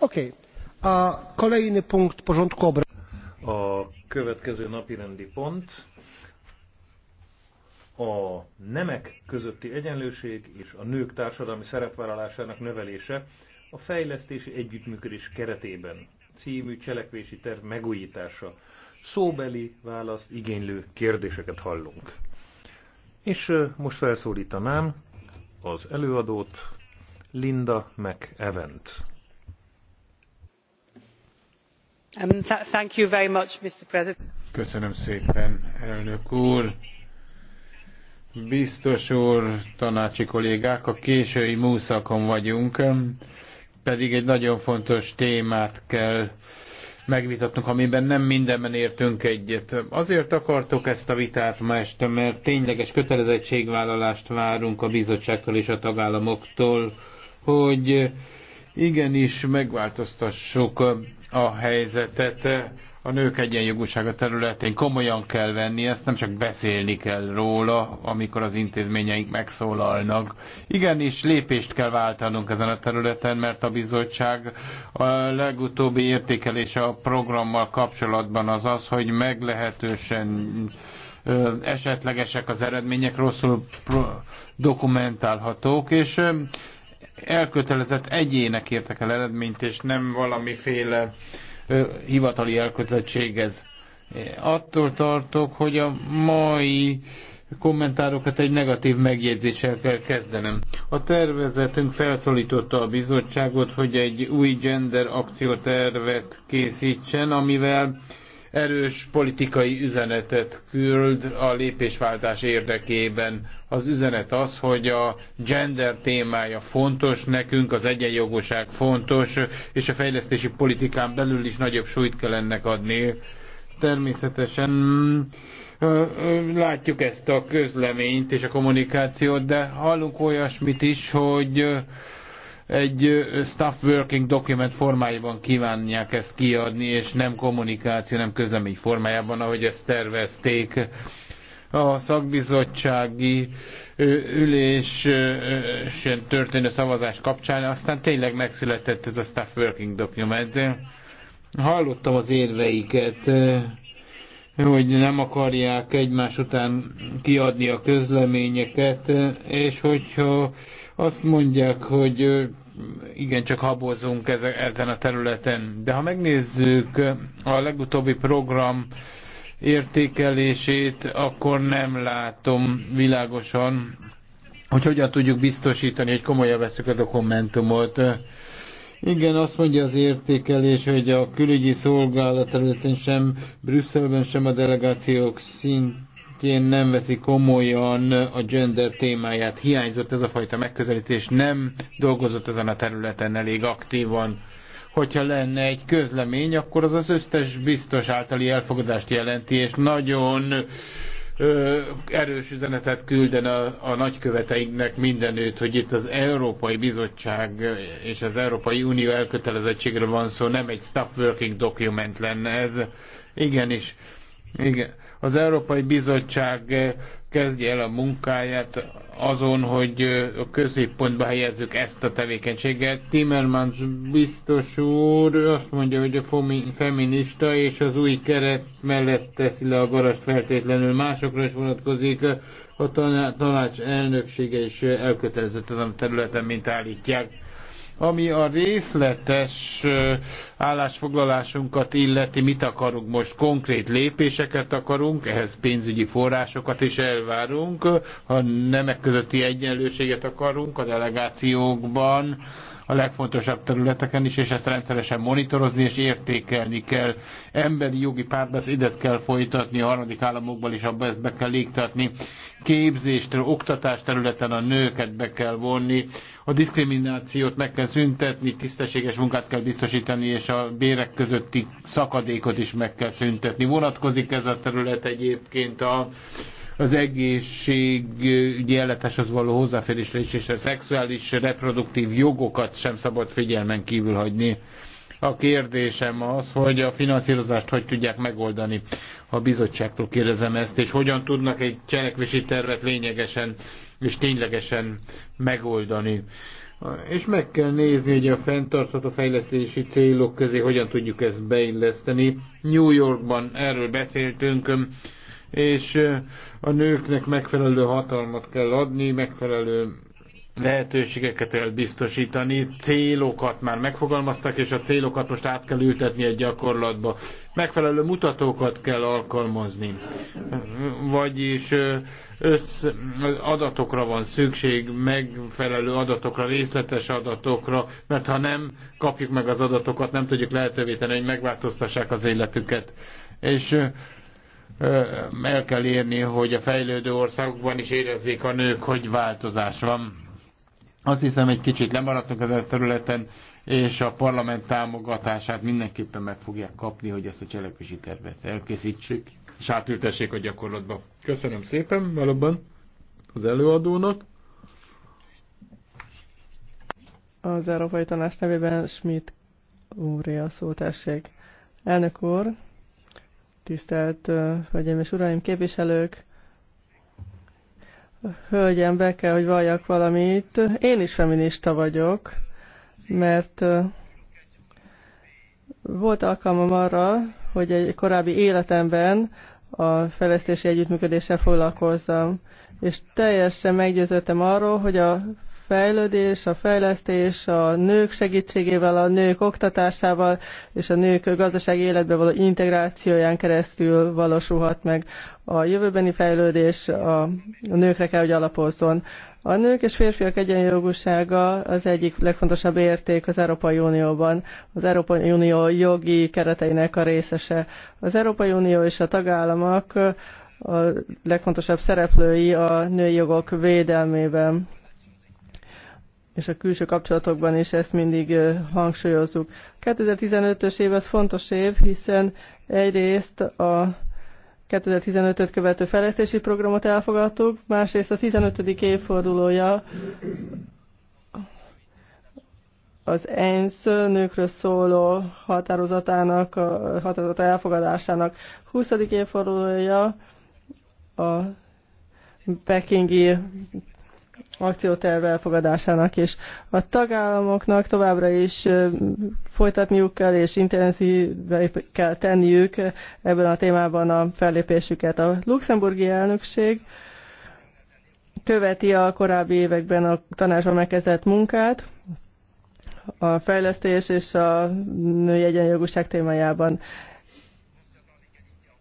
A következő napirendi pont a nemek közötti egyenlőség és a nők társadalmi szerepvállalásának növelése a fejlesztési együttműködés keretében című cselekvési terv megújítása. Szóbeli választ igénylő kérdéseket hallunk. És most felszólítanám az előadót, Linda McEvent. Um, Köszönöm szépen, elnök úr. Biztos úr, tanácsi kollégák, a késői múszakon vagyunk, pedig egy nagyon fontos témát kell megvitatnunk, amiben nem mindenben értünk egyet. Azért akartok ezt a vitát ma este, mert tényleges kötelezettségvállalást várunk a bizottságtól és a tagállamoktól, hogy igenis megváltoztassuk a helyzetet a nők egyenjogúsága területén komolyan kell venni, ezt nem csak beszélni kell róla, amikor az intézményeink megszólalnak. Igenis lépést kell váltanunk ezen a területen, mert a bizottság a legutóbbi értékelése a programmal kapcsolatban az az, hogy meglehetősen esetlegesek az eredmények, rosszul dokumentálhatók, és elkötelezett egyének értek el eredményt, és nem valamiféle hivatali elkötelezettség ez. Attól tartok, hogy a mai kommentárokat egy negatív megjegyzéssel kell kezdenem. A tervezetünk felszólította a bizottságot, hogy egy új gender akciótervet készítsen, amivel erős politikai üzenetet küld a lépésváltás érdekében. Az üzenet az, hogy a gender témája fontos nekünk, az egyenjogoság fontos, és a fejlesztési politikán belül is nagyobb súlyt kell ennek adni. Természetesen látjuk ezt a közleményt és a kommunikációt, de hallunk olyasmit is, hogy egy staff working document formájában kívánják ezt kiadni, és nem kommunikáció, nem közlemény formájában, ahogy ezt tervezték. A szakbizottsági ülésen történő szavazás kapcsán aztán tényleg megszületett ez a staff working document. Hallottam az érveiket, hogy nem akarják egymás után kiadni a közleményeket, és hogyha azt mondják, hogy igen, csak habozunk ezen a területen. De ha megnézzük a legutóbbi program értékelését, akkor nem látom világosan, hogy hogyan tudjuk biztosítani, hogy komolyan veszük a dokumentumot. Igen, azt mondja az értékelés, hogy a külügyi szolgálat területén sem, Brüsszelben sem a delegációk szint szintjén nem veszi komolyan a gender témáját. Hiányzott ez a fajta megközelítés, nem dolgozott ezen a területen elég aktívan. Hogyha lenne egy közlemény, akkor az az összes biztos általi elfogadást jelenti, és nagyon ö, erős üzenetet külden a, a nagyköveteinknek mindenütt, hogy itt az Európai Bizottság és az Európai Unió elkötelezettségre van szó, nem egy staff working document lenne ez. Igenis, igen. Az Európai Bizottság eh, kezdje el a munkáját azon, hogy eh, a középpontba helyezzük ezt a tevékenységet. Timmermans biztos úr azt mondja, hogy a feminista és az új keret mellett teszi le a garast feltétlenül. Másokra is vonatkozik a tanács elnöksége is eh, elkötelezett azon a területen, mint állítják ami a részletes állásfoglalásunkat illeti, mit akarunk most, konkrét lépéseket akarunk, ehhez pénzügyi forrásokat is elvárunk, ha nemek közötti egyenlőséget akarunk a delegációkban, a legfontosabb területeken is, és ezt rendszeresen monitorozni és értékelni kell. Emberi jogi párbeszédet kell folytatni, a harmadik államokban is abba ezt be kell légtatni. Képzést, oktatás területen a nőket be kell vonni, a diszkriminációt meg kell szüntetni, tisztességes munkát kell biztosítani, és a bérek közötti szakadékot is meg kell szüntetni. Vonatkozik ez a terület egyébként a az egészségügyi az való hozzáférésre is, és a szexuális reproduktív jogokat sem szabad figyelmen kívül hagyni. A kérdésem az, hogy a finanszírozást hogy tudják megoldani. A bizottságtól kérdezem ezt, és hogyan tudnak egy cselekvési tervet lényegesen és ténylegesen megoldani. És meg kell nézni, hogy a fenntartható fejlesztési célok közé hogyan tudjuk ezt beilleszteni. New Yorkban erről beszéltünk, és a nőknek megfelelő hatalmat kell adni, megfelelő lehetőségeket kell biztosítani, célokat már megfogalmaztak, és a célokat most át kell ültetni egy gyakorlatba. Megfelelő mutatókat kell alkalmazni, vagyis össz, adatokra van szükség, megfelelő adatokra, részletes adatokra, mert ha nem kapjuk meg az adatokat, nem tudjuk lehetővé tenni, hogy megváltoztassák az életüket. És el kell érni, hogy a fejlődő országokban is érezzék a nők, hogy változás van. Azt hiszem, egy kicsit lemaradtunk ezen a területen, és a parlament támogatását mindenképpen meg fogják kapni, hogy ezt a cselekvési tervet elkészítsék, és átültessék a gyakorlatba. Köszönöm szépen valóban az előadónak. Az Európai Tanács nevében Schmidt úré a szó, tessék. Elnök úr, tisztelt Hölgyeim és Uraim képviselők! Hölgyem, be kell, hogy valljak valamit. Én is feminista vagyok, mert volt alkalmam arra, hogy egy korábbi életemben a fejlesztési együttműködéssel foglalkozzam, és teljesen meggyőzöttem arról, hogy a fejlődés, a fejlesztés, a nők segítségével, a nők oktatásával és a nők gazdasági életbe való integrációján keresztül valósulhat meg. A jövőbeni fejlődés a nőkre kell, hogy alapozzon. A nők és férfiak egyenjogúsága az egyik legfontosabb érték az Európai Unióban, az Európai Unió jogi kereteinek a részese. Az Európai Unió és a tagállamok a legfontosabb szereplői a női jogok védelmében és a külső kapcsolatokban is ezt mindig hangsúlyozzuk. 2015-ös év az fontos év, hiszen egyrészt a 2015-öt követő fejlesztési programot elfogadtuk, másrészt a 15. évfordulója az ENSZ nőkről szóló határozatának, a határozata elfogadásának 20. évfordulója a pekingi akcióterv elfogadásának és A tagállamoknak továbbra is folytatniuk kell és intenzívbe kell tenniük ebben a témában a fellépésüket. A luxemburgi elnökség követi a korábbi években a tanácsban megkezdett munkát, a fejlesztés és a női egyenjogúság témájában.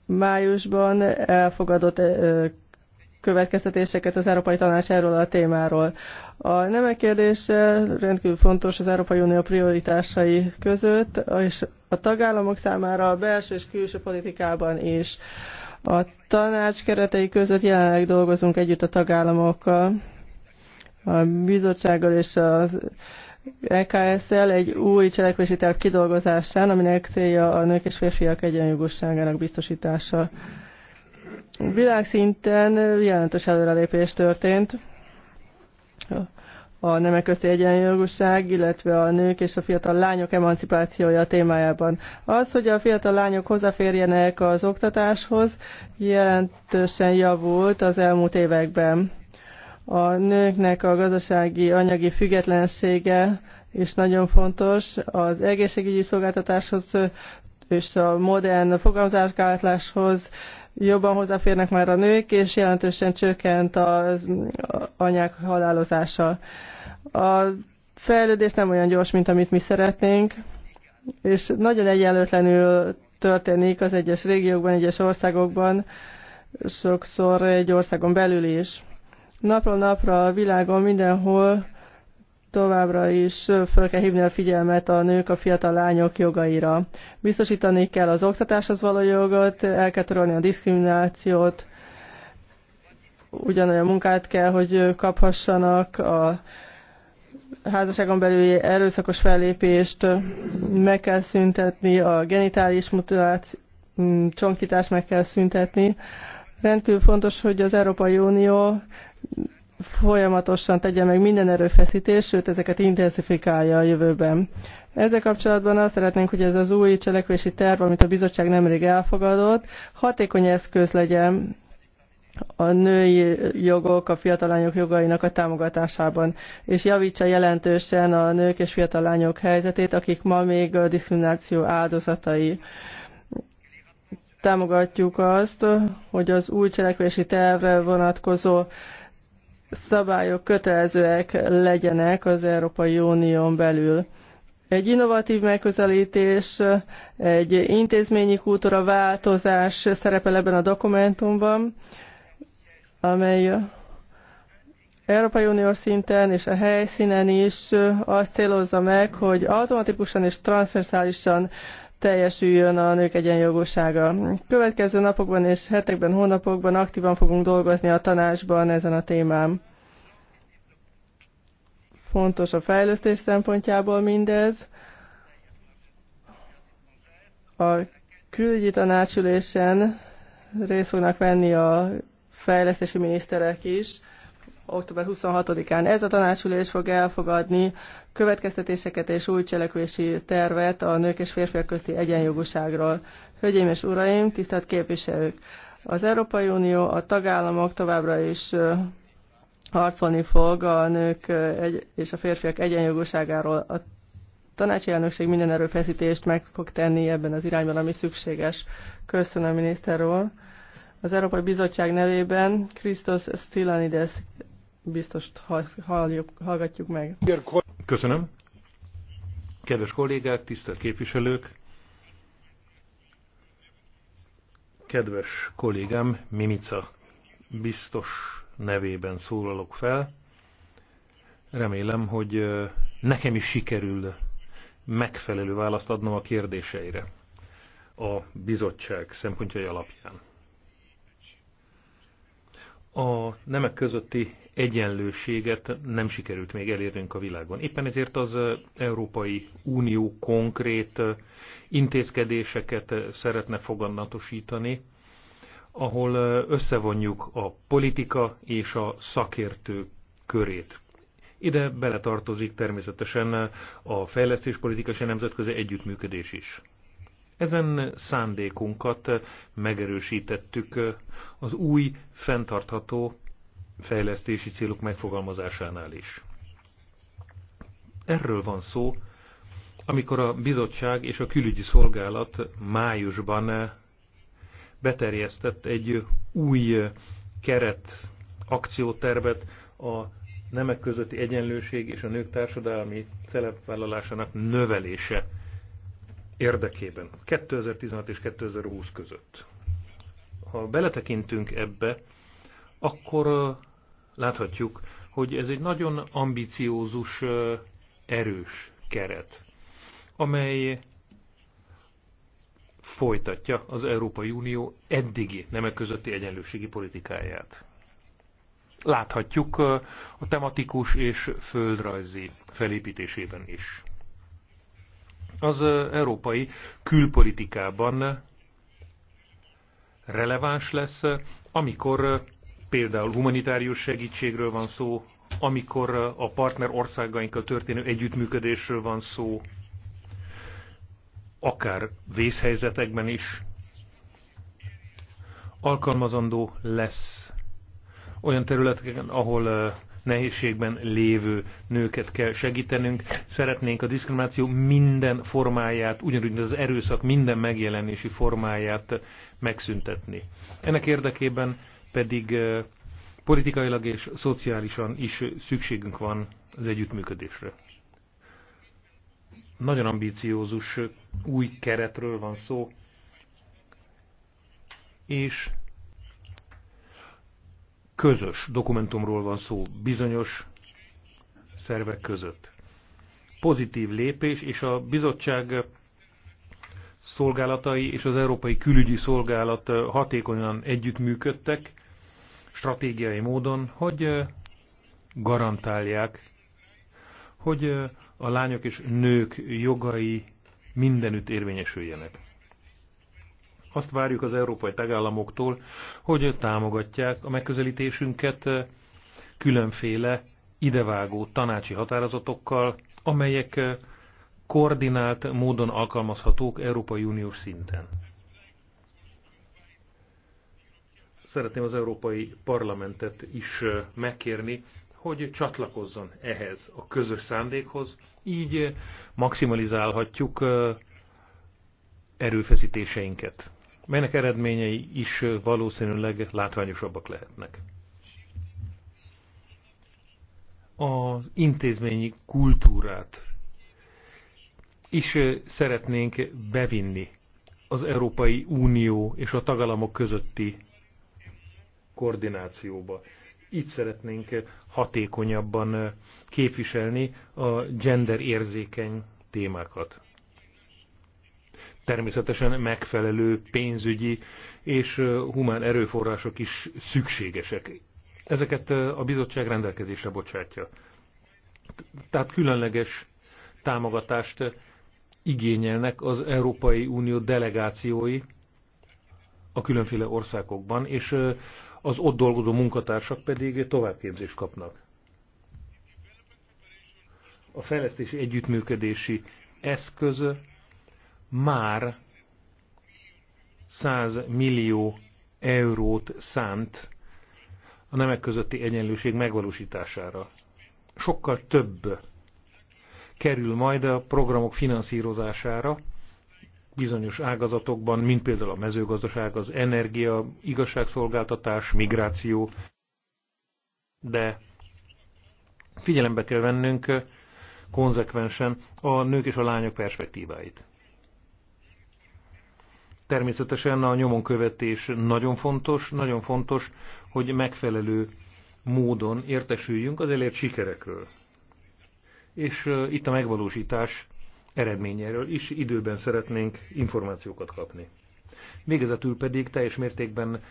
Májusban elfogadott következtetéseket az Európai Tanács erről a témáról. A nemek kérdése rendkívül fontos az Európai Unió prioritásai között, és a tagállamok számára a belső és külső politikában is. A tanács keretei között jelenleg dolgozunk együtt a tagállamokkal, a bizottsággal és az EKS-el egy új cselekvési terv kidolgozásán, aminek célja a nők és férfiak egyenjogosságának biztosítása. Világszinten jelentős előrelépés történt a nemek közti egyenjogúság, illetve a nők és a fiatal lányok emancipációja témájában. Az, hogy a fiatal lányok hozzáférjenek az oktatáshoz, jelentősen javult az elmúlt években. A nőknek a gazdasági, anyagi függetlensége is nagyon fontos. Az egészségügyi szolgáltatáshoz és a modern fogalmazásgátláshoz jobban hozzáférnek már a nők, és jelentősen csökkent az anyák halálozása. A fejlődés nem olyan gyors, mint amit mi szeretnénk, és nagyon egyenlőtlenül történik az egyes régiókban, egyes országokban, sokszor egy országon belül is. Napról napra a világon mindenhol továbbra is fel kell hívni a figyelmet a nők, a fiatal lányok jogaira. Biztosítani kell az oktatáshoz való jogot, el kell törölni a diszkriminációt, ugyanolyan munkát kell, hogy kaphassanak a házasságon belüli erőszakos fellépést, meg kell szüntetni a genitális mutiláció, csonkítást meg kell szüntetni. Rendkívül fontos, hogy az Európai Unió folyamatosan tegye meg minden erőfeszítést, sőt ezeket intenzifikálja a jövőben. Ezzel kapcsolatban azt szeretnénk, hogy ez az új cselekvési terv, amit a bizottság nemrég elfogadott, hatékony eszköz legyen a női jogok, a fiatal lányok jogainak a támogatásában, és javítsa jelentősen a nők és fiatal lányok helyzetét, akik ma még a diszkrimináció áldozatai. Támogatjuk azt, hogy az új cselekvési tervre vonatkozó szabályok kötelezőek legyenek az Európai Unión belül. Egy innovatív megközelítés, egy intézményi kultúra változás szerepel ebben a dokumentumban, amely Európai Unió szinten és a helyszínen is azt célozza meg, hogy automatikusan és transzverszálisan teljesüljön a nők egyenjogossága. Következő napokban és hetekben, hónapokban aktívan fogunk dolgozni a tanácsban ezen a témán. Fontos a fejlesztés szempontjából mindez. A külügyi tanácsülésen részt fognak venni a fejlesztési miniszterek is, október 26-án ez a tanácsülés fog elfogadni következtetéseket és új cselekvési tervet a nők és férfiak közti egyenjogúságról. Hölgyeim és uraim, tisztelt képviselők! Az Európai Unió, a tagállamok továbbra is harcolni fog a nők és a férfiak egyenjogúságáról. A tanácsi elnökség minden erőfeszítést meg fog tenni ebben az irányban, ami szükséges. Köszönöm, miniszter úr! Az Európai Bizottság nevében Krisztus Stylanides biztos halljuk, hallgatjuk meg. Köszönöm. Kedves kollégák, tisztelt képviselők, kedves kollégám Mimica biztos nevében szólalok fel. Remélem, hogy nekem is sikerül megfelelő választ adnom a kérdéseire a bizottság szempontjai alapján. A nemek közötti egyenlőséget nem sikerült még elérnünk a világon. Éppen ezért az Európai Unió konkrét intézkedéseket szeretne foganatosítani, ahol összevonjuk a politika és a szakértő körét. Ide beletartozik természetesen a fejlesztéspolitika és a nemzetközi együttműködés is. Ezen szándékunkat megerősítettük az új, fenntartható fejlesztési célok megfogalmazásánál is. Erről van szó, amikor a bizottság és a külügyi szolgálat májusban beterjesztett egy új keret akciótervet a nemek közötti egyenlőség és a nők társadalmi szerepvállalásának növelése érdekében 2016 és 2020 között. Ha beletekintünk ebbe, akkor láthatjuk, hogy ez egy nagyon ambiciózus, erős keret, amely folytatja az Európai Unió eddigi nemek közötti egyenlőségi politikáját. Láthatjuk a tematikus és földrajzi felépítésében is. Az európai külpolitikában releváns lesz, amikor például humanitárius segítségről van szó, amikor a partner országainkkal történő együttműködésről van szó, akár vészhelyzetekben is, alkalmazandó lesz olyan területeken, ahol nehézségben lévő nőket kell segítenünk. Szeretnénk a diszkrimináció minden formáját, ugyanúgy az erőszak minden megjelenési formáját megszüntetni. Ennek érdekében pedig politikailag és szociálisan is szükségünk van az együttműködésre. Nagyon ambíciózus új keretről van szó, és közös dokumentumról van szó bizonyos szervek között. Pozitív lépés, és a bizottság szolgálatai és az Európai Külügyi Szolgálat hatékonyan együttműködtek, stratégiai módon, hogy garantálják, hogy a lányok és nők jogai mindenütt érvényesüljenek. Azt várjuk az európai tagállamoktól, hogy támogatják a megközelítésünket különféle idevágó tanácsi határozatokkal, amelyek koordinált módon alkalmazhatók Európai Uniós szinten. szeretném az Európai Parlamentet is megkérni, hogy csatlakozzon ehhez a közös szándékhoz, így maximalizálhatjuk erőfeszítéseinket, melynek eredményei is valószínűleg látványosabbak lehetnek. Az intézményi kultúrát is szeretnénk bevinni az Európai Unió és a tagállamok közötti koordinációba. Így szeretnénk hatékonyabban képviselni a gender érzékeny témákat. Természetesen megfelelő pénzügyi és humán erőforrások is szükségesek. Ezeket a bizottság rendelkezésre bocsátja. Tehát különleges támogatást igényelnek az Európai Unió delegációi a különféle országokban, és az ott dolgozó munkatársak pedig továbbképzést kapnak. A fejlesztési együttműködési eszköz már 100 millió eurót szánt a nemek közötti egyenlőség megvalósítására. Sokkal több kerül majd a programok finanszírozására, bizonyos ágazatokban, mint például a mezőgazdaság, az energia, igazságszolgáltatás, migráció, de figyelembe kell vennünk eh, konzekvensen a nők és a lányok perspektíváit. Természetesen a nyomonkövetés nagyon fontos, nagyon fontos, hogy megfelelő módon értesüljünk az elért sikerekről. És eh, itt a megvalósítás eredményéről is időben szeretnénk információkat kapni. Végezetül pedig teljes mértékben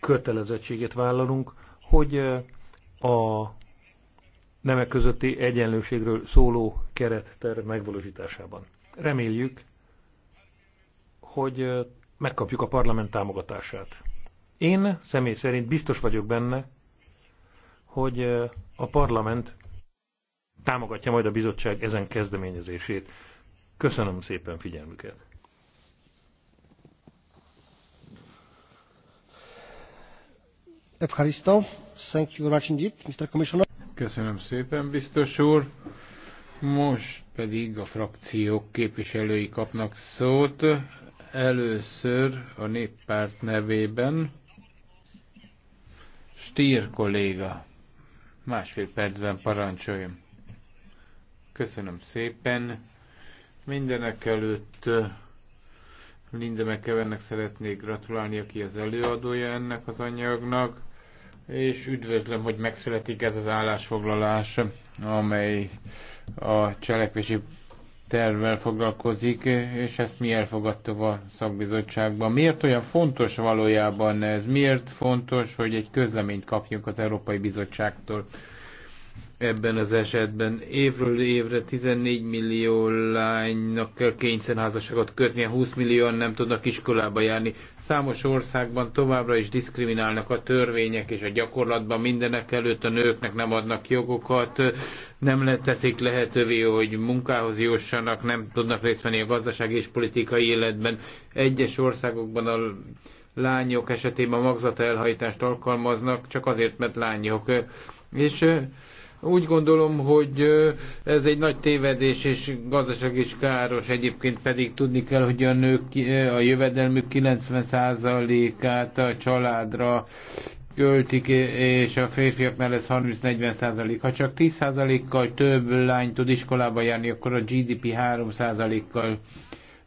kötelezettséget vállalunk, hogy eh, a nemek közötti egyenlőségről szóló keretter megvalósításában. Reméljük, hogy eh, megkapjuk a parlament támogatását. Én személy szerint biztos vagyok benne, hogy eh, a parlament támogatja majd a bizottság ezen kezdeményezését. Köszönöm szépen figyelmüket! Köszönöm szépen, biztos úr. Most pedig a frakciók képviselői kapnak szót. Először a néppárt nevében Stír kolléga. Másfél percben parancsoljon. Köszönöm szépen. Mindenek előtt Linda McKevennek szeretnék gratulálni, aki az előadója ennek az anyagnak, és üdvözlöm, hogy megszületik ez az állásfoglalás, amely a cselekvési tervvel foglalkozik, és ezt mi elfogadtuk a szakbizottságban. Miért olyan fontos valójában ez? Miért fontos, hogy egy közleményt kapjunk az Európai Bizottságtól? ebben az esetben. Évről évre 14 millió lánynak kell kényszerházasságot kötnie, 20 millióan nem tudnak iskolába járni. Számos országban továbbra is diszkriminálnak a törvények, és a gyakorlatban mindenek előtt a nőknek nem adnak jogokat, nem teszik lehetővé, hogy munkához jussanak, nem tudnak részt venni a gazdaság és politikai életben. Egyes országokban a lányok esetében magzata elhajtást alkalmaznak, csak azért, mert lányok. És úgy gondolom, hogy ez egy nagy tévedés, és gazdaság is káros. Egyébként pedig tudni kell, hogy a nők a jövedelmük 90%-át a családra költik, és a férfiaknál ez 30-40 Ha csak 10 kal több lány tud iskolába járni, akkor a GDP 3 kal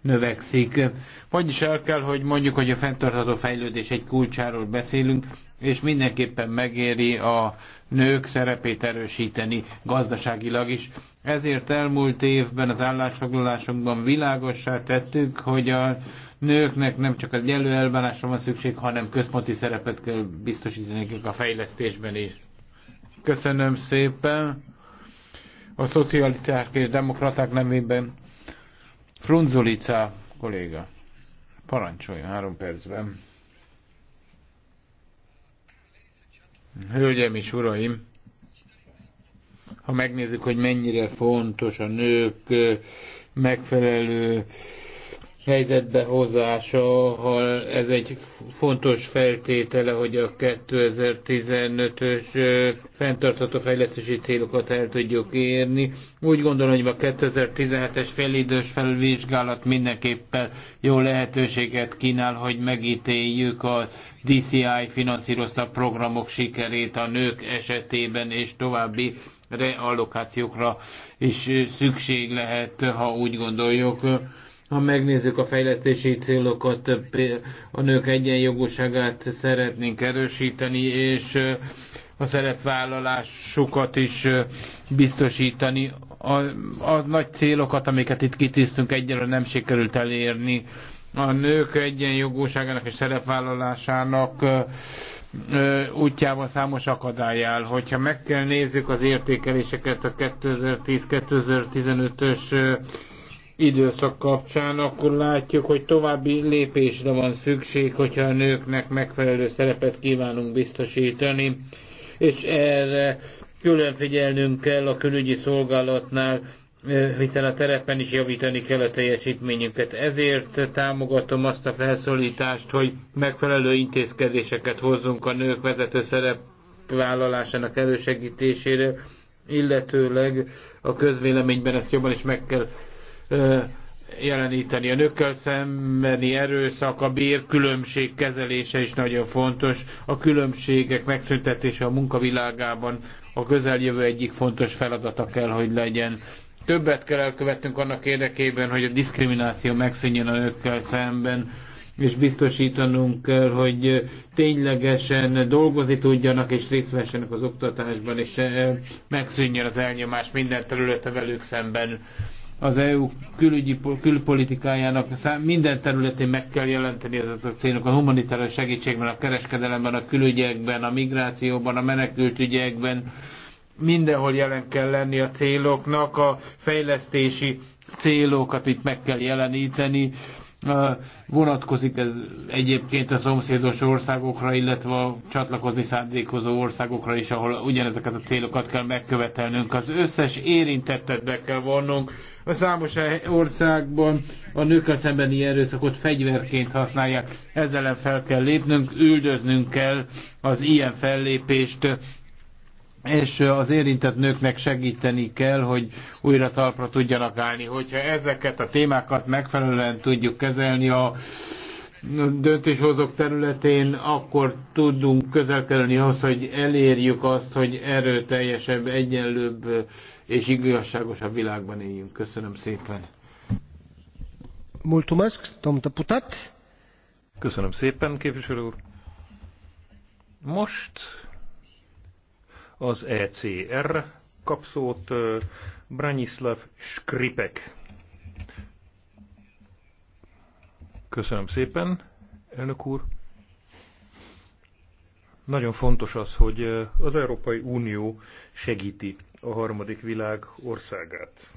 növekszik. Vagyis el kell, hogy mondjuk, hogy a fenntartható fejlődés egy kulcsáról beszélünk, és mindenképpen megéri a nők szerepét erősíteni gazdaságilag is. Ezért elmúlt évben az állásfoglalásokban világossá tettük, hogy a nőknek nem csak az gyelő elbánásra van szükség, hanem központi szerepet kell biztosítani nekik a fejlesztésben is. Köszönöm szépen. A szocialisták és demokraták nemében Frunzulica kolléga. Parancsoljon három percben. Hölgyeim és uraim, ha megnézzük, hogy mennyire fontos a nők megfelelő helyzetbe hozása, ha ez egy fontos feltétele, hogy a 2015-ös fenntartható fejlesztési célokat el tudjuk érni. Úgy gondolom, hogy a 2017-es félidős felvizsgálat mindenképpen jó lehetőséget kínál, hogy megítéljük a DCI finanszírozta programok sikerét a nők esetében és további reallokációkra is szükség lehet, ha úgy gondoljuk ha megnézzük a fejlesztési célokat, a nők egyenjogúságát szeretnénk erősíteni, és a szerepvállalásukat is biztosítani. A, a nagy célokat, amiket itt kitisztünk, egyelőre nem sikerült elérni. A nők egyenjogúságának és szerepvállalásának útjában számos akadály áll. Hogyha meg kell nézzük az értékeléseket a 2010-2015-ös időszak kapcsán, akkor látjuk, hogy további lépésre van szükség, hogyha a nőknek megfelelő szerepet kívánunk biztosítani, és erre külön figyelnünk kell a külügyi szolgálatnál, hiszen a terepen is javítani kell a teljesítményünket. Ezért támogatom azt a felszólítást, hogy megfelelő intézkedéseket hozzunk a nők vezető szerep vállalásának elősegítésére, illetőleg a közvéleményben ezt jobban is meg kell jeleníteni. A nőkkel szembeni erőszak, a bérkülönbség kezelése is nagyon fontos. A különbségek megszüntetése a munkavilágában a közeljövő egyik fontos feladata kell, hogy legyen. Többet kell elkövetnünk annak érdekében, hogy a diszkrimináció megszűnjön a nőkkel szemben és biztosítanunk kell, hogy ténylegesen dolgozni tudjanak, és részt vessenek az oktatásban, és megszűnjön az elnyomás minden területe velük szemben az EU külügyi, külpolitikájának minden területén meg kell jelenteni ezeket a célok, a humanitárius segítségben, a kereskedelemben, a külügyekben, a migrációban, a menekültügyekben, mindenhol jelen kell lenni a céloknak, a fejlesztési célokat itt meg kell jeleníteni, Vonatkozik ez egyébként a szomszédos országokra, illetve a csatlakozni szándékozó országokra is, ahol ugyanezeket a célokat kell megkövetelnünk. Az összes érintettet be kell vonnunk. A számos e- országban a nőkkel szembeni erőszakot fegyverként használják. Ezzel fel kell lépnünk, üldöznünk kell az ilyen fellépést és az érintett nőknek segíteni kell, hogy újra talpra tudjanak állni. Hogyha ezeket a témákat megfelelően tudjuk kezelni a döntéshozók területén, akkor tudunk közel kerülni ahhoz, hogy elérjük azt, hogy erőteljesebb, egyenlőbb és igazságosabb világban éljünk. Köszönöm szépen. Mulțumesc, domn deputat. Köszönöm szépen, képviselő úr. Most az ECR kapszót Branislav Skripek. Köszönöm szépen, elnök úr. Nagyon fontos az, hogy az Európai Unió segíti a harmadik világ országát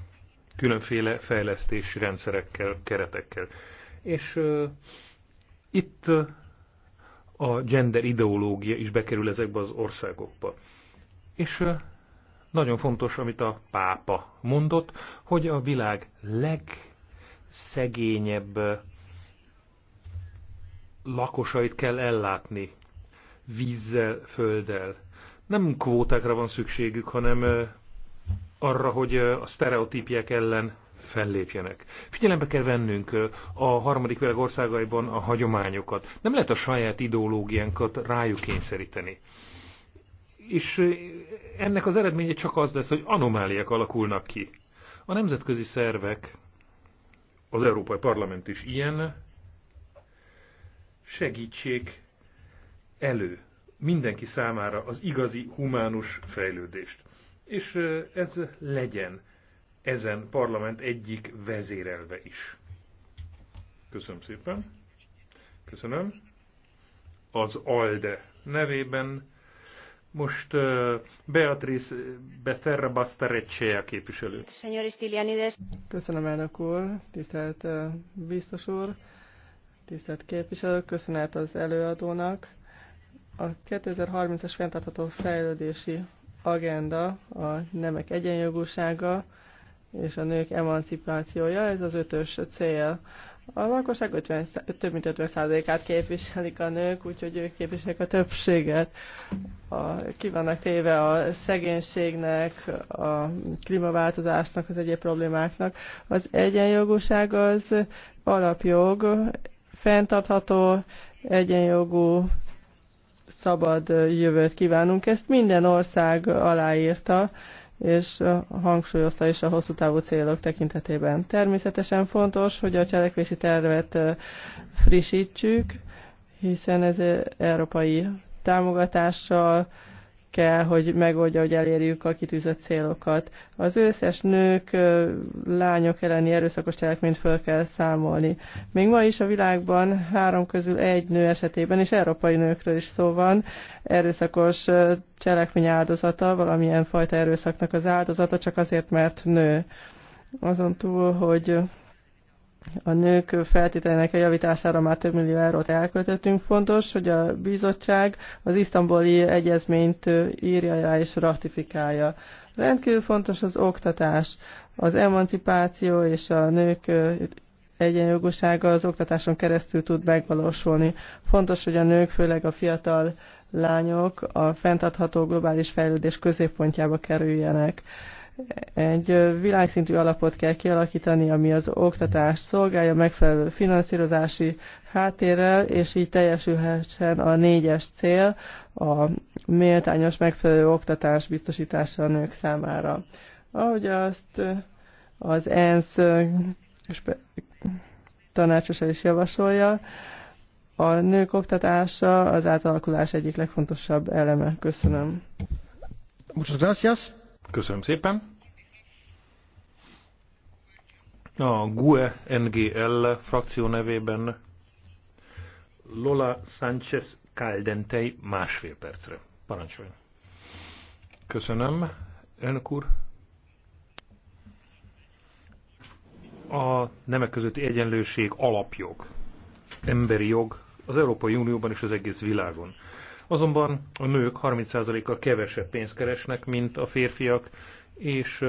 különféle fejlesztési rendszerekkel, keretekkel. És uh, itt uh, a gender ideológia is bekerül ezekbe az országokba. És nagyon fontos, amit a pápa mondott, hogy a világ legszegényebb lakosait kell ellátni vízzel, földdel. Nem kvótákra van szükségük, hanem arra, hogy a sztereotípiek ellen fellépjenek. Figyelembe kell vennünk a harmadik világ országaiban a hagyományokat. Nem lehet a saját ideológiánkat rájuk kényszeríteni. És ennek az eredménye csak az lesz, hogy anomáliák alakulnak ki. A nemzetközi szervek, az Európai Parlament is ilyen, segítsék elő mindenki számára az igazi humánus fejlődést. És ez legyen ezen parlament egyik vezérelve is. Köszönöm szépen. Köszönöm. Az ALDE nevében most uh, Beatrice Becerra Bastarecce a képviselő. Köszönöm, elnök úr, tisztelt biztos úr, tisztelt képviselő, köszönet az előadónak. A 2030-as fenntartható fejlődési agenda, a nemek egyenjogúsága és a nők emancipációja, ez az ötös cél. A lakosság 50, több mint 50%-át képviselik a nők, úgyhogy ők képviselik a többséget. A, ki vannak téve a szegénységnek, a klímaváltozásnak, az egyéb problémáknak. Az egyenjogúság az alapjog, fenntartható, egyenjogú, szabad jövőt kívánunk. Ezt minden ország aláírta, és hangsúlyozta is a hosszú távú célok tekintetében. Természetesen fontos, hogy a cselekvési tervet frissítsük, hiszen ez európai támogatással, kell, hogy megoldja, hogy elérjük a kitűzött célokat. Az összes nők, lányok elleni erőszakos cselekményt föl kell számolni. Még ma is a világban három közül egy nő esetében, és európai nőkről is szó van, erőszakos cselekmény áldozata, valamilyen fajta erőszaknak az áldozata, csak azért, mert nő. Azon túl, hogy a nők feltételének a javítására már több millió eurót elköltöttünk. Fontos, hogy a bizottság az isztambuli egyezményt írja rá és ratifikálja. Rendkívül fontos az oktatás, az emancipáció és a nők egyenjogúsága az oktatáson keresztül tud megvalósulni. Fontos, hogy a nők, főleg a fiatal lányok a fenntartható globális fejlődés középpontjába kerüljenek egy világszintű alapot kell kialakítani, ami az oktatást szolgálja megfelelő finanszírozási háttérrel, és így teljesülhessen a négyes cél, a méltányos megfelelő oktatás biztosítása a nők számára. Ahogy azt az ENSZ tanácsosa is javasolja, a nők oktatása az átalakulás egyik legfontosabb eleme. Köszönöm. Muchas gracias. Köszönöm szépen. A GUE NGL frakció nevében Lola Sánchez Caldentei másfél percre. Parancsoljon. Köszönöm, elnök úr. A nemek közötti egyenlőség alapjog, emberi jog az Európai Unióban és az egész világon. Azonban a nők 30%-kal kevesebb pénzt keresnek, mint a férfiak, és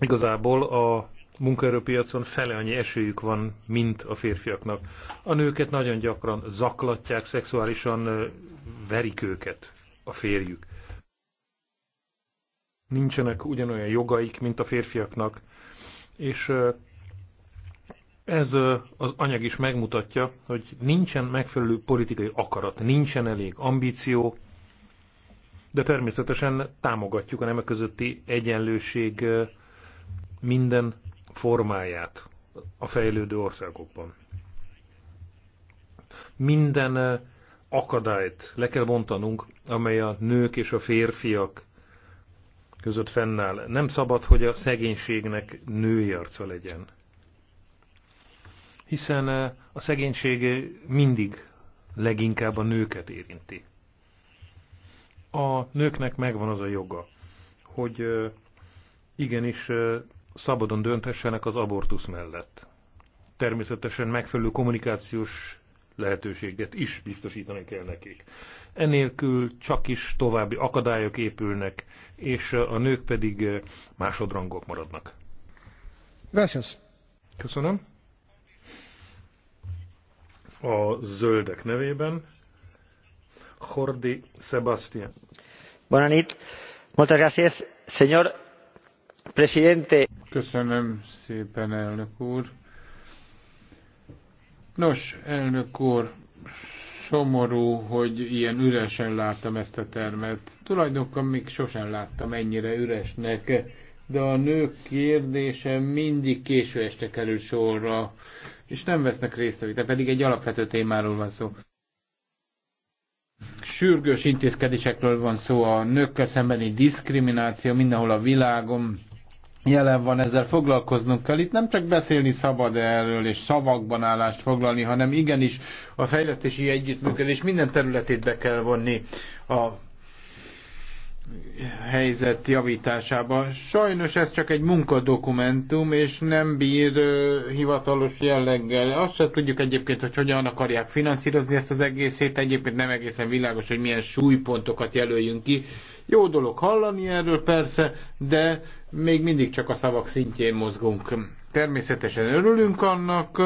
igazából a munkaerőpiacon fele annyi esélyük van, mint a férfiaknak. A nőket nagyon gyakran zaklatják, szexuálisan verik őket a férjük. Nincsenek ugyanolyan jogaik, mint a férfiaknak, és ez az anyag is megmutatja, hogy nincsen megfelelő politikai akarat, nincsen elég ambíció, de természetesen támogatjuk a nemek közötti egyenlőség minden formáját a fejlődő országokban. Minden akadályt le kell bontanunk, amely a nők és a férfiak között fennáll. Nem szabad, hogy a szegénységnek női arca legyen hiszen eh, a szegénység eh, mindig leginkább a nőket érinti. A nőknek megvan az a joga, hogy eh, igenis szabadon döntessenek az abortusz mellett. Természetesen megfelelő kommunikációs lehetőséget is biztosítani kell nekik. Enélkül csak is további akadályok épülnek, és a nők pedig másodrangok maradnak. Gracias. Köszönöm a zöldek nevében. Jordi Sebastián. Bonanit. Muchas gracias, señor presidente. Köszönöm szépen, elnök úr. Nos, elnök úr, szomorú, hogy ilyen üresen láttam ezt a termet. Tulajdonképpen még sosem láttam ennyire üresnek de a nők kérdése mindig késő este kerül sorra, és nem vesznek részt a vita, pedig egy alapvető témáról van szó. Sürgős intézkedésekről van szó, a nőkkel szembeni diszkrimináció mindenhol a világon jelen van, ezzel foglalkoznunk kell. Itt nem csak beszélni szabad erről, és szavakban állást foglalni, hanem igenis a fejlesztési együttműködés minden területét be kell vonni a helyzet javításába. Sajnos ez csak egy munkadokumentum, és nem bír ö, hivatalos jelleggel. Azt sem tudjuk egyébként, hogy hogyan akarják finanszírozni ezt az egészét. Egyébként nem egészen világos, hogy milyen súlypontokat jelöljünk ki. Jó dolog hallani erről persze, de még mindig csak a szavak szintjén mozgunk. Természetesen örülünk annak,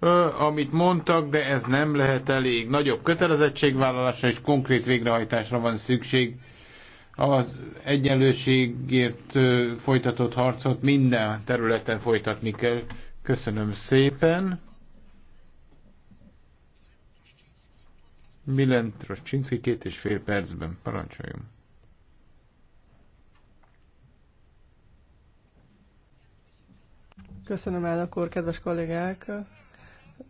ö, amit mondtak, de ez nem lehet elég. Nagyobb kötelezettségvállalásra és konkrét végrehajtásra van szükség az egyenlőségért folytatott harcot minden területen folytatni kell. Köszönöm szépen. Milen Troscsinszki két és fél percben. Parancsoljon. Köszönöm, el akkor kedves kollégák!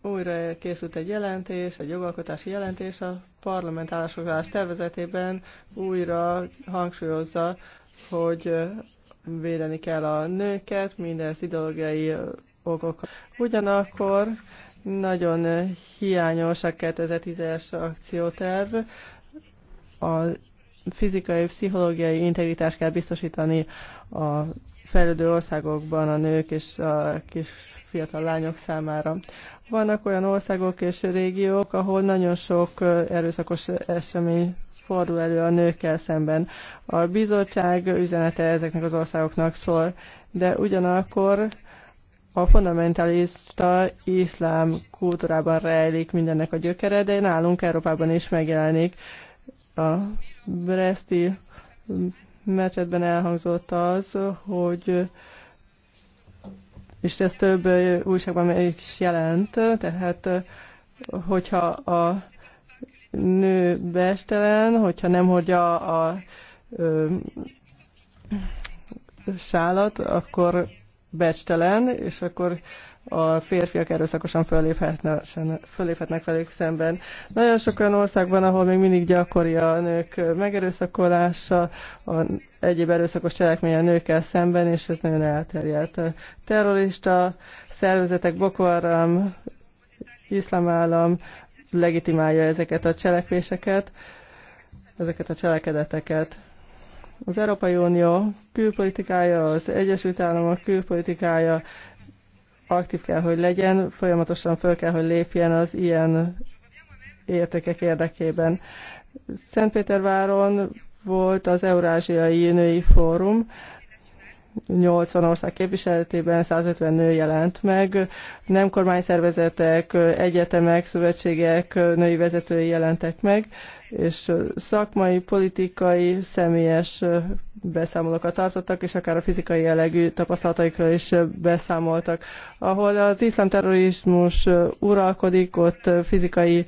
újra készült egy jelentés, egy jogalkotási jelentés a parlament állásfoglalás tervezetében újra hangsúlyozza, hogy védeni kell a nőket, mindez ideológiai okok. Ugyanakkor nagyon hiányos a 2010-es akcióterv, az fizikai, pszichológiai integritás kell biztosítani a fejlődő országokban a nők és a kis fiatal lányok számára. Vannak olyan országok és régiók, ahol nagyon sok erőszakos esemény fordul elő a nőkkel szemben. A bizottság üzenete ezeknek az országoknak szól, de ugyanakkor a fundamentalista iszlám kultúrában rejlik mindennek a gyökere, de nálunk Európában is megjelenik. A Breszti meccsetben elhangzott az, hogy és ez több újságban is jelent, tehát hogyha a nő bestelen, hogyha nem hordja a ö, sálat, akkor becstelen, és akkor a férfiak erőszakosan föléphetnek, föléphetnek velük szemben. Nagyon sok olyan országban, ahol még mindig gyakori a nők megerőszakolása, a egyéb erőszakos cselekmény a nőkkel szemben, és ez nagyon elterjedt. Terrorista szervezetek, Boko Haram, iszlám állam legitimálja ezeket a cselekvéseket, ezeket a cselekedeteket. Az Európai Unió külpolitikája, az Egyesült Államok külpolitikája aktív kell, hogy legyen, folyamatosan föl kell, hogy lépjen az ilyen értékek érdekében. Szentpéterváron volt az Eurázsiai Női Fórum, 80 ország képviseletében 150 nő jelent meg, nem kormányszervezetek, egyetemek, szövetségek női vezetői jelentek meg, és szakmai, politikai, személyes beszámolókat tartottak, és akár a fizikai jellegű tapasztalataikról is beszámoltak. Ahol az iszlám terrorizmus uralkodik, ott fizikai uh,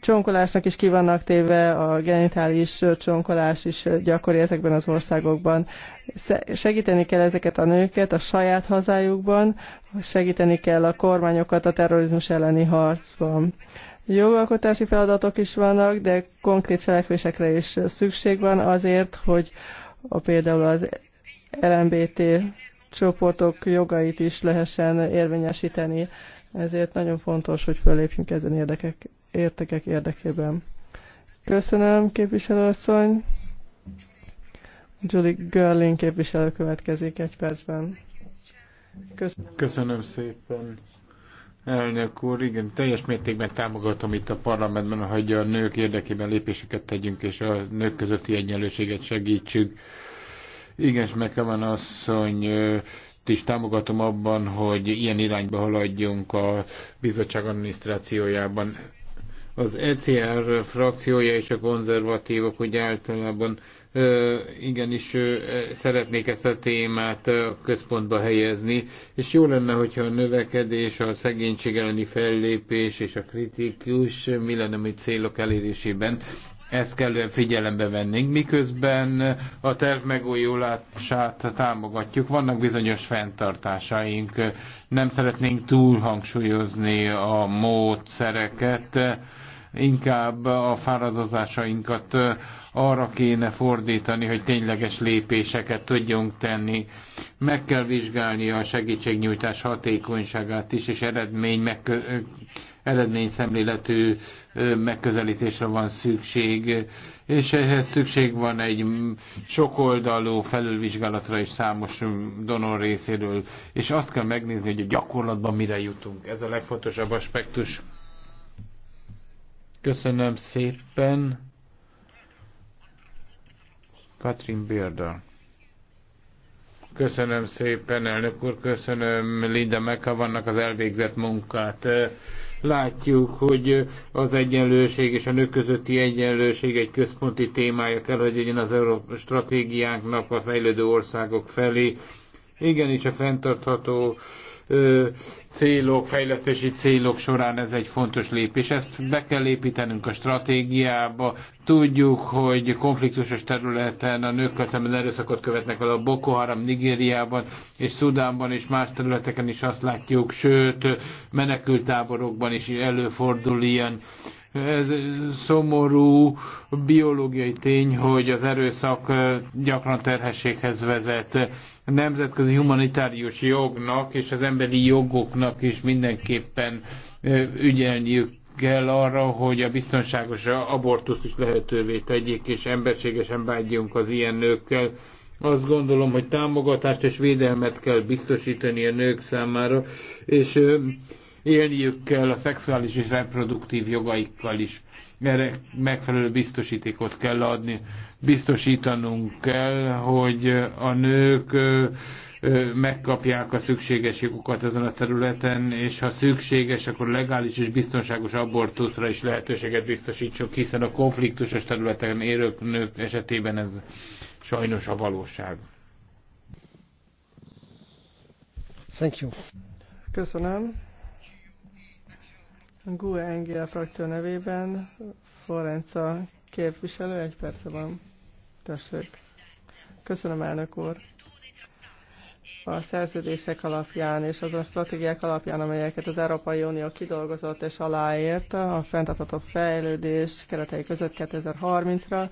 csonkolásnak is ki vannak téve, a genitális csonkolás is gyakori ezekben az országokban. Segíteni kell ezeket a nőket a saját hazájukban, segíteni kell a kormányokat a terrorizmus elleni harcban. Jogalkotási feladatok is vannak, de konkrét cselekvésekre is szükség van azért, hogy a, például az LMBT csoportok jogait is lehessen érvényesíteni. Ezért nagyon fontos, hogy fölépjünk ezen érdekek értékek érdekében. Köszönöm, képviselőasszony. Julie Görling képviselő következik egy percben. Köszönöm. Köszönöm szépen. Elnök úr, igen, teljes mértékben támogatom itt a parlamentben, hogy a nők érdekében lépéseket tegyünk, és a nők közötti egyenlőséget segítsük. Igen, és az asszony, is támogatom abban, hogy ilyen irányba haladjunk a bizottság adminisztrációjában. Az ECR frakciója és a konzervatívok úgy általában igenis szeretnék ezt a témát központba helyezni, és jó lenne, hogyha a növekedés, a szegénység elleni fellépés és a kritikus millenniumi célok elérésében ezt kellően figyelembe vennénk, miközben a terv megújulását támogatjuk. Vannak bizonyos fenntartásaink, nem szeretnénk túl hangsúlyozni a módszereket, inkább a fáradozásainkat arra kéne fordítani, hogy tényleges lépéseket tudjunk tenni. Meg kell vizsgálni a segítségnyújtás hatékonyságát is, és eredmény megkö- szemléletű megközelítésre van szükség, és ehhez szükség van egy sokoldalú felülvizsgálatra is számos donor részéről, és azt kell megnézni, hogy a gyakorlatban mire jutunk. Ez a legfontosabb aspektus. Köszönöm szépen. Katrin Bérda. Köszönöm szépen, elnök úr, köszönöm Linda vannak az elvégzett munkát. Látjuk, hogy az egyenlőség és a nők közötti egyenlőség egy központi témája kell, hogy legyen az Európa stratégiánknak a fejlődő országok felé. Igenis a fenntartható célok, fejlesztési célok során ez egy fontos lépés. Ezt be kell építenünk a stratégiába. Tudjuk, hogy konfliktusos területen a nőkkel szemben erőszakot követnek el a Boko Haram Nigériában és Szudánban és más területeken is azt látjuk, sőt menekültáborokban is előfordul ilyen ez szomorú biológiai tény, hogy az erőszak gyakran terhességhez vezet. A nemzetközi humanitárius jognak és az emberi jogoknak is mindenképpen ügyelniük kell arra, hogy a biztonságos abortuszt is lehetővé tegyék, és emberségesen bánjunk az ilyen nőkkel. Azt gondolom, hogy támogatást és védelmet kell biztosítani a nők számára, és élniük kell a szexuális és reproduktív jogaikkal is. Erre megfelelő biztosítékot kell adni. Biztosítanunk kell, hogy a nők megkapják a szükséges jogokat ezen a területen, és ha szükséges, akkor legális és biztonságos abortuszra is lehetőséget biztosítsuk, hiszen a konfliktusos területeken érők nők esetében ez sajnos a valóság. Thank you. Köszönöm. GUE NGL frakció nevében Florenca képviselő, egy perce van. Tessék. Köszönöm, elnök úr. A szerződések alapján és azon stratégiák alapján, amelyeket az Európai Unió kidolgozott és aláért a fenntartható fejlődés keretei között 2030-ra,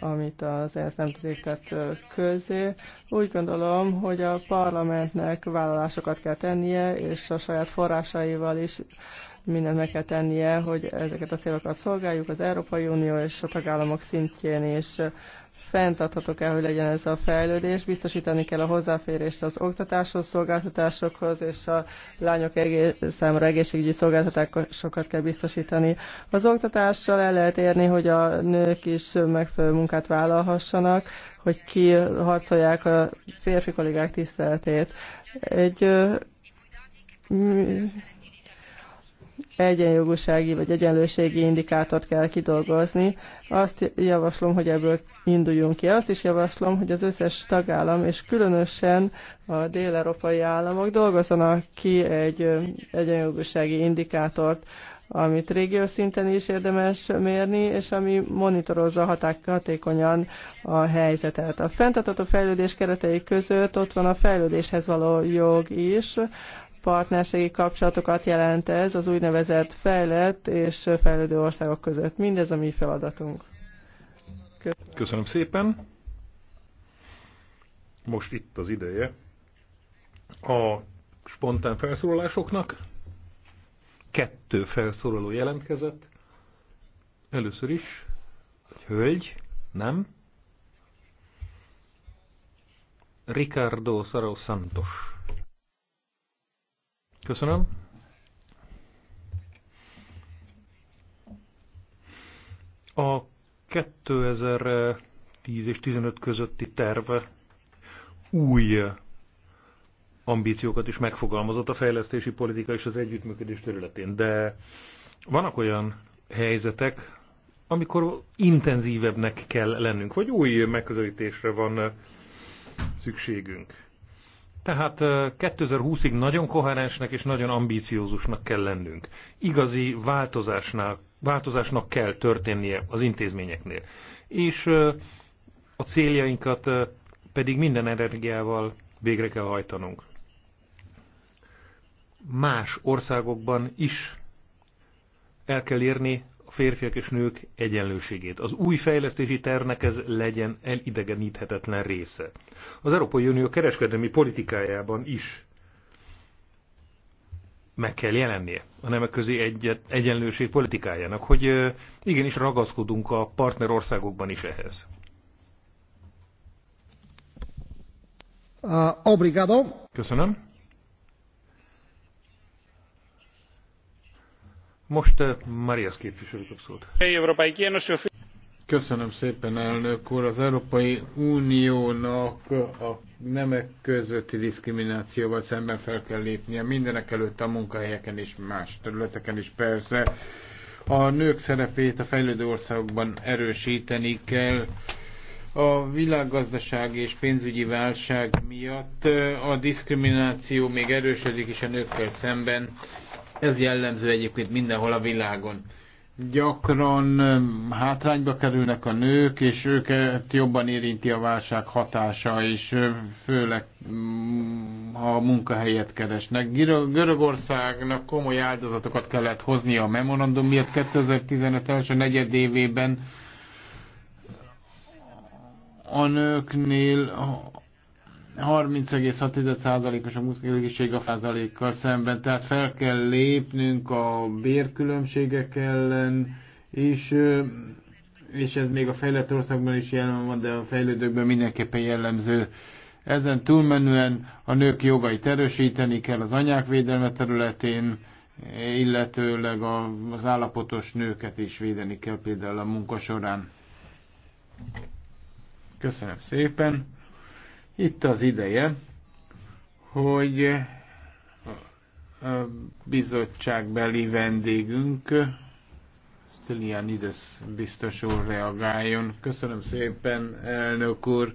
amit az ENSZ nem tett közé. Úgy gondolom, hogy a parlamentnek vállalásokat kell tennie, és a saját forrásaival is mindent meg kell tennie, hogy ezeket a célokat szolgáljuk az Európai Unió és a tagállamok szintjén is fenntartható kell, hogy legyen ez a fejlődés, biztosítani kell a hozzáférést az oktatáshoz, szolgáltatásokhoz, és a lányok egész, számára egészségügyi szolgáltatásokat kell biztosítani. Az oktatással el lehet érni, hogy a nők is megfelelő munkát vállalhassanak, hogy kiharcolják a férfi kollégák tiszteletét. Egy egyenjogúsági vagy egyenlőségi indikátort kell kidolgozni. Azt javaslom, hogy ebből induljunk ki. Azt is javaslom, hogy az összes tagállam, és különösen a dél-európai államok dolgozzanak ki egy egyenjogúsági indikátort, amit régiós szinten is érdemes mérni, és ami monitorozza haták, hatékonyan a helyzetet. A fenntartható fejlődés keretei között ott van a fejlődéshez való jog is, partnerségi kapcsolatokat jelent ez az úgynevezett fejlett és fejlődő országok között. Mindez a mi feladatunk. Köszönöm, Köszönöm szépen. Most itt az ideje a spontán felszólalásoknak. Kettő felszólaló jelentkezett. Először is egy hölgy, nem? Ricardo Saros Santos. Köszönöm. A 2010 és 15 közötti terv új ambíciókat is megfogalmazott a fejlesztési politika és az együttműködés területén. De vannak olyan helyzetek, amikor intenzívebbnek kell lennünk, vagy új megközelítésre van szükségünk. Tehát 2020-ig nagyon koherensnek és nagyon ambíciózusnak kell lennünk. Igazi változásnál, változásnak kell történnie az intézményeknél. És a céljainkat pedig minden energiával végre kell hajtanunk. Más országokban is el kell érni férfiak és nők egyenlőségét. Az új fejlesztési tervnek ez legyen elidegeníthetetlen része. Az Európai Unió kereskedelmi politikájában is meg kell jelennie a nemek közé egyet, egyenlőség politikájának, hogy igenis ragaszkodunk a partnerországokban is ehhez. Uh, obrigado. Köszönöm. Most Marias képviselő kap Köszönöm szépen, elnök úr. Az Európai Uniónak a nemek közötti diszkriminációval szemben fel kell lépnie, mindenek előtt a munkahelyeken és más területeken is persze. A nők szerepét a fejlődő országokban erősíteni kell. A világgazdaság és pénzügyi válság miatt a diszkrimináció még erősödik is a nőkkel szemben ez jellemző egyébként mindenhol a világon. Gyakran hátrányba kerülnek a nők, és őket jobban érinti a válság hatása, és főleg mm, ha munkahelyet keresnek. Görögországnak komoly áldozatokat kellett hoznia a memorandum miatt 2015 első negyedévében a nőknél 30,6%-os a munkanélküliség a százalékkal szemben, tehát fel kell lépnünk a bérkülönbségek ellen, és, és ez még a fejlett országban is jelen van, de a fejlődőkben mindenképpen jellemző. Ezen túlmenően a nők jogait erősíteni kell az anyák védelme területén, illetőleg az állapotos nőket is védeni kell például a munka során. Köszönöm szépen! Itt az ideje, hogy a bizottságbeli vendégünk, Stylianides biztos úr reagáljon. Köszönöm szépen, elnök úr.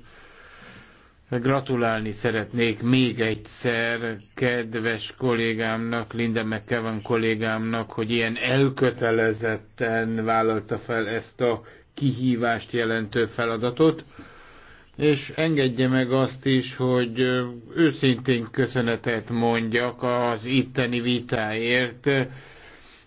Gratulálni szeretnék még egyszer kedves kollégámnak, Linda McKevan kollégámnak, hogy ilyen elkötelezetten vállalta fel ezt a kihívást jelentő feladatot és engedje meg azt is, hogy őszintén köszönetet mondjak az itteni vitáért,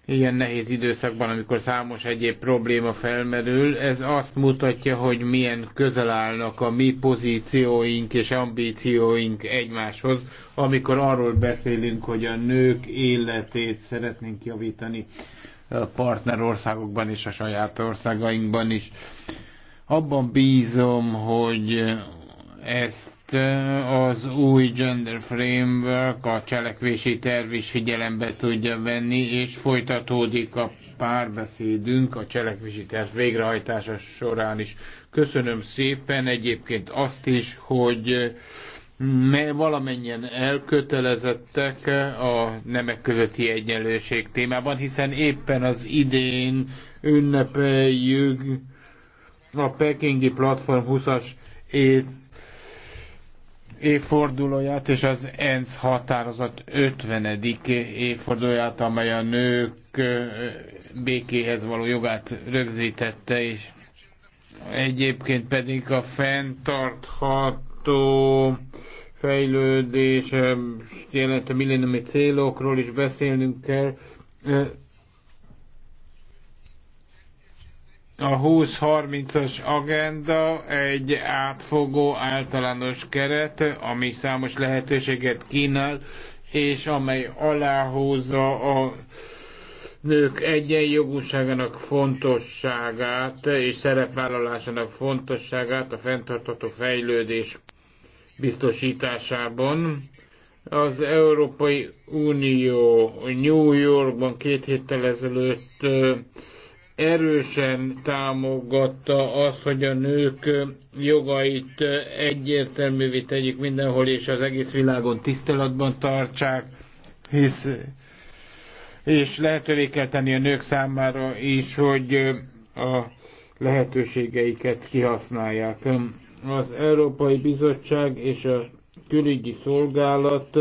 ilyen nehéz időszakban, amikor számos egyéb probléma felmerül, ez azt mutatja, hogy milyen közel állnak a mi pozícióink és ambícióink egymáshoz, amikor arról beszélünk, hogy a nők életét szeretnénk javítani a partnerországokban és a saját országainkban is. Abban bízom, hogy ezt eh, az új gender framework, a cselekvési terv is figyelembe tudja venni, és folytatódik a párbeszédünk a cselekvési terv végrehajtása során is. Köszönöm szépen egyébként azt is, hogy eh, valamennyien elkötelezettek eh, a nemek közötti egyenlőség témában, hiszen éppen az idén ünnepeljük a Pekingi Platform 20-as év, évfordulóját és az ENSZ határozat 50. évfordulóját, amely a nők békéhez való jogát rögzítette, és egyébként pedig a fenntartható fejlődés, jelent a millenniumi célokról is beszélnünk kell, a 20-30-as agenda egy átfogó általános keret, ami számos lehetőséget kínál, és amely aláhúzza a nők egyenjogúságának fontosságát és szerepvállalásának fontosságát a fenntartható fejlődés biztosításában. Az Európai Unió New Yorkban két héttel ezelőtt erősen támogatta azt, hogy a nők jogait egyértelművé tegyük mindenhol, és az egész világon tiszteletben tartsák, hisz, és lehetővé kell tenni a nők számára is, hogy a lehetőségeiket kihasználják. Az Európai Bizottság és a külügyi szolgálat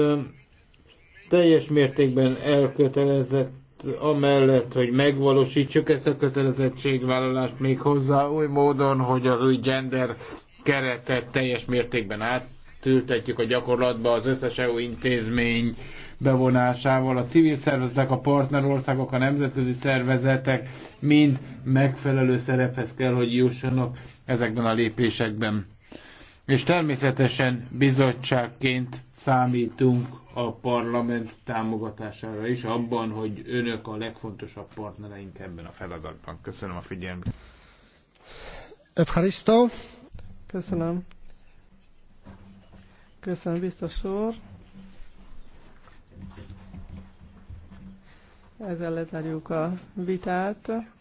teljes mértékben elkötelezett amellett, hogy megvalósítsuk ezt a kötelezettségvállalást még hozzá új módon, hogy az új gender keretet teljes mértékben átültetjük a gyakorlatba az összes EU intézmény bevonásával, a civil szervezetek, a partnerországok, a nemzetközi szervezetek mind megfelelő szerephez kell, hogy jussanak ezekben a lépésekben. És természetesen bizottságként számítunk a parlament támogatására is abban, hogy önök a legfontosabb partnereink ebben a feladatban. Köszönöm a figyelmet. Evharisto. Köszönöm. Köszönöm, biztos úr. Ezzel lezárjuk a vitát.